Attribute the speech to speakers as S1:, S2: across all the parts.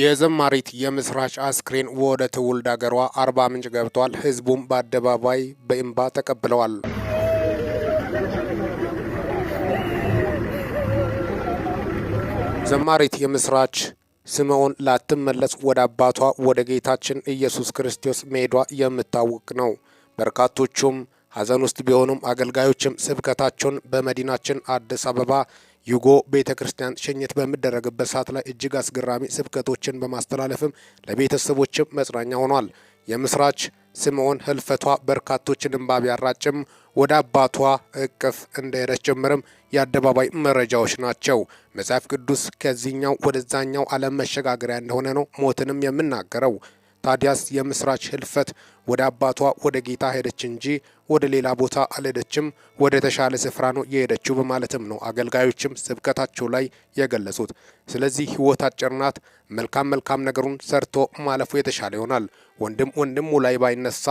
S1: የዘማሪት የምስራች አስክሬን ወደ ትውልድ አገሯ አርባ ምንጭ ገብቷል። ህዝቡም በአደባባይ በእንባ ተቀብለዋል። ዘማሪት የምስራች ስምዖን ላትመለስ ወደ አባቷ ወደ ጌታችን ኢየሱስ ክርስቶስ መሄዷ የምታወቅ ነው። በርካቶቹም ሀዘን ውስጥ ቢሆኑም አገልጋዮችም ስብከታቸውን በመዲናችን አዲስ አበባ ዩጎ ቤተ ክርስቲያን ሽኝት በሚደረግበት ሰዓት ላይ እጅግ አስገራሚ ስብከቶችን በማስተላለፍም ለቤተሰቦችም መጽናኛ ሆኗል። የምስራች ስምዖን ህልፈቷ በርካቶችን እንባ ቢያራጭም ወደ አባቷ እቅፍ እንደሄደች ጭምርም የአደባባይ መረጃዎች ናቸው። መጽሐፍ ቅዱስ ከዚህኛው ወደዛኛው ዓለም መሸጋገሪያ እንደሆነ ነው ሞትንም የምናገረው። ታዲያስ የምስራች ህልፈት ወደ አባቷ ወደ ጌታ ሄደች እንጂ ወደ ሌላ ቦታ አልሄደችም፣ ወደ ተሻለ ስፍራ ነው የሄደችው በማለትም ነው አገልጋዮችም ስብከታቸው ላይ የገለጹት። ስለዚህ ህይወት አጭር ናት። መልካም መልካም ነገሩን ሰርቶ ማለፉ የተሻለ ይሆናል። ወንድም ወንድሙ ላይ ባይነሳ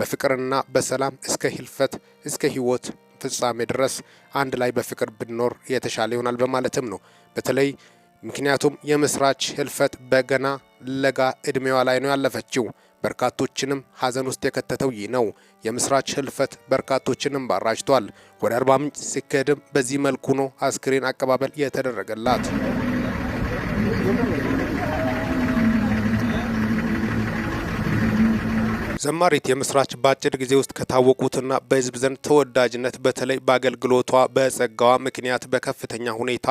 S1: በፍቅርና በሰላም እስከ ህልፈት እስከ ህይወት ፍጻሜ ድረስ አንድ ላይ በፍቅር ብንኖር የተሻለ ይሆናል በማለትም ነው በተለይ ምክንያቱም የምስራች ህልፈት በገና ለጋ ዕድሜዋ ላይ ነው ያለፈችው። በርካቶችንም ሐዘን ውስጥ የከተተው ይህ ነው። የምስራች ህልፈት በርካቶችንም ባራጅቷል። ወደ አርባ ምንጭ ሲካሄድም በዚህ መልኩ ነው አስክሬን አቀባበል የተደረገላት። ዘማሪት የምስራች በአጭር ጊዜ ውስጥ ከታወቁትና በህዝብ ዘንድ ተወዳጅነት በተለይ በአገልግሎቷ በጸጋዋ ምክንያት በከፍተኛ ሁኔታ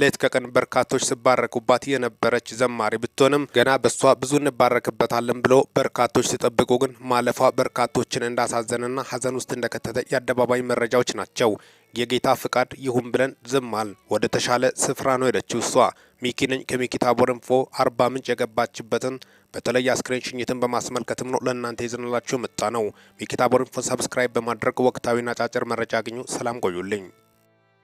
S1: ሌት ከቀን በርካቶች ሲባረኩባት የነበረች ዘማሪ ብትሆንም ገና በሷ ብዙ እንባረክበታለን ብሎ በርካቶች ሲጠብቁ ግን ማለፏ በርካቶችን እንዳሳዘነና ሀዘን ውስጥ እንደከተተ የአደባባይ መረጃዎች ናቸው። የጌታ ፍቃድ ይሁን ብለን ዝማል ወደ ተሻለ ስፍራ ነው ሄደችው። እሷ ሚኪነኝ ከሚኪ ታቦር ኢንፎ አርባ ምንጭ የገባችበትን በተለይ አስክሬን ሽኝትን በማስመልከትም ነው ለእናንተ ይዘንላችሁ መጣ ነው። ሚኪ ታቦር ሰብስክራይብ በማድረግ ወቅታዊና ጫጭር መረጃ አግኙ። ሰላም ቆዩልኝ።